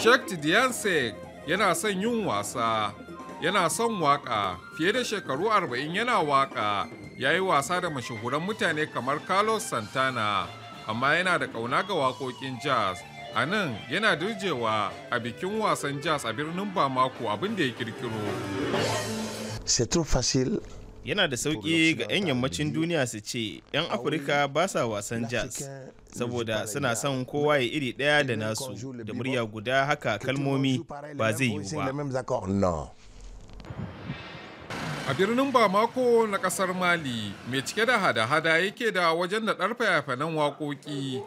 Shakti Diyanse yana son yin wasa, yana son waka fiye da shekaru arba'in yana waka ya yi wasa da mashahuran mutane kamar Carlos Santana, amma yana da ƙauna ga wakokin jazz. A nan yana dirjewa a bikin wasan jazz a birnin Bamako abin da ya kirkiro. C'est trop facile yana da sauƙi ga 'yan yammacin duniya su ce 'yan afirka ba sa wasan jazz saboda suna son kowa ya iri ɗaya da nasu da murya guda haka kalmomi ba zai yi ba a birnin bamako na kasar mali mai cike da hada-hada yake da wajen da ɗarfa fanan waƙoƙi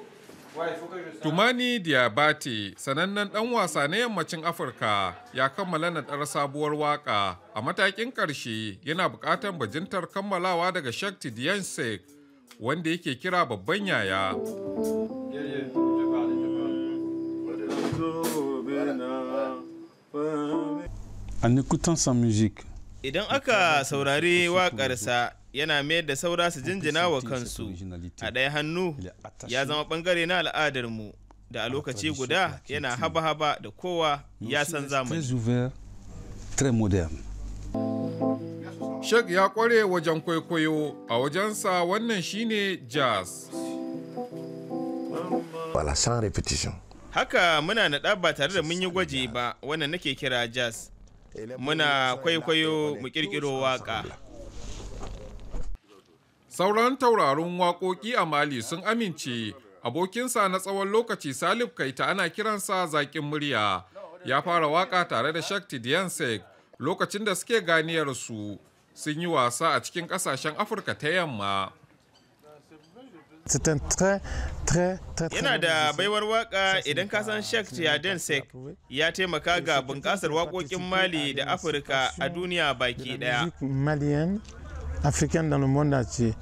Tumani diabati sanannen ɗan wasa na yammacin Afirka ya kammala naɗar sabuwar waka a matakin ƙarshe yana buƙatar bajintar kammalawa daga Shakti Diyansek wanda yake kira babban yaya. Idan aka saurari waƙarsa yana mayar da saura su jinjina wa kansu a ɗaya hannu ya zama ɓangare na al'adarmu da a lokaci guda yana haba-haba da kowa ya san zamani Sheikh ya kware wajen kwaikwayo a wajensa wannan shine jazz. Wala sans repetition. Haka muna naɗa ba tare da mun yi gwaji ba wannan nake kira jazz. Muna kwaikwayo mu ƙirƙiro waƙa. Sauran tauraron waƙoƙi a Mali sun amince abokinsa na tsawon lokaci Salif Kaita ana kiransa zaƙin murya. Ya fara waƙa tare da Shakti Diansek lokacin da suke ganiyar su sun yi wasa a cikin ƙasashen Afirka ta yamma. Yana da baiwar waka idan ka san Sheikh ya taimaka ga bunƙasar waƙoƙin Mali da Afirka a duniya baki ɗaya. africain dans le monde entier.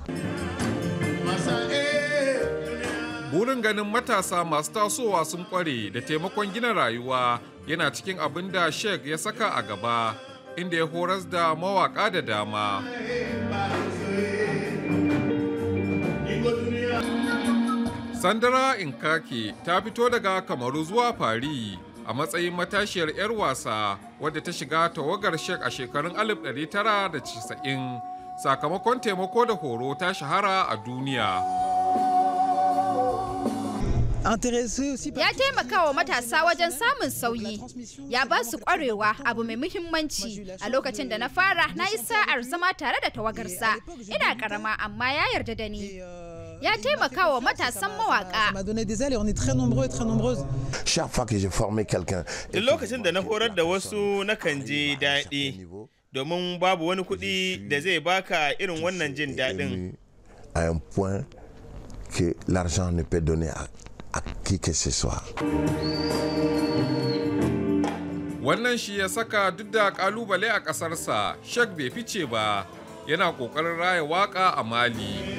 burin ganin matasa masu tasowa sun kware da taimakon gina rayuwa yana cikin abin da Sheikh ya saka a gaba inda ya horas da mawaka da dama sandara inkake ta fito daga kamaru zuwa fari a matsayin matashiyar 'yar wasa wadda ta shiga tawagar sheik a shekarun 1990 sakamakon taimako da horo ta shahara a duniya. Ya taimaka wa matasa wajen samun sauyi, ya ba su ƙwarewa abu mai muhimmanci a lokacin da na fara na yi sa'ar zama tare da tawagarsa, ina ƙarama amma ya yarda da ni. Euh, ya taimaka wa matasan mawaƙa. Duk lokacin da na horar da wasu nakan je daɗi. domin babu wani kuɗi da zai baka irin wannan jin daɗin. A un point que l'argent ne peut donner à, à qui que ce Wannan shi ya saka duk da kalubale a ƙasarsa, Sheikh bai fice ba, yana ƙoƙarin raya waƙa a Mali.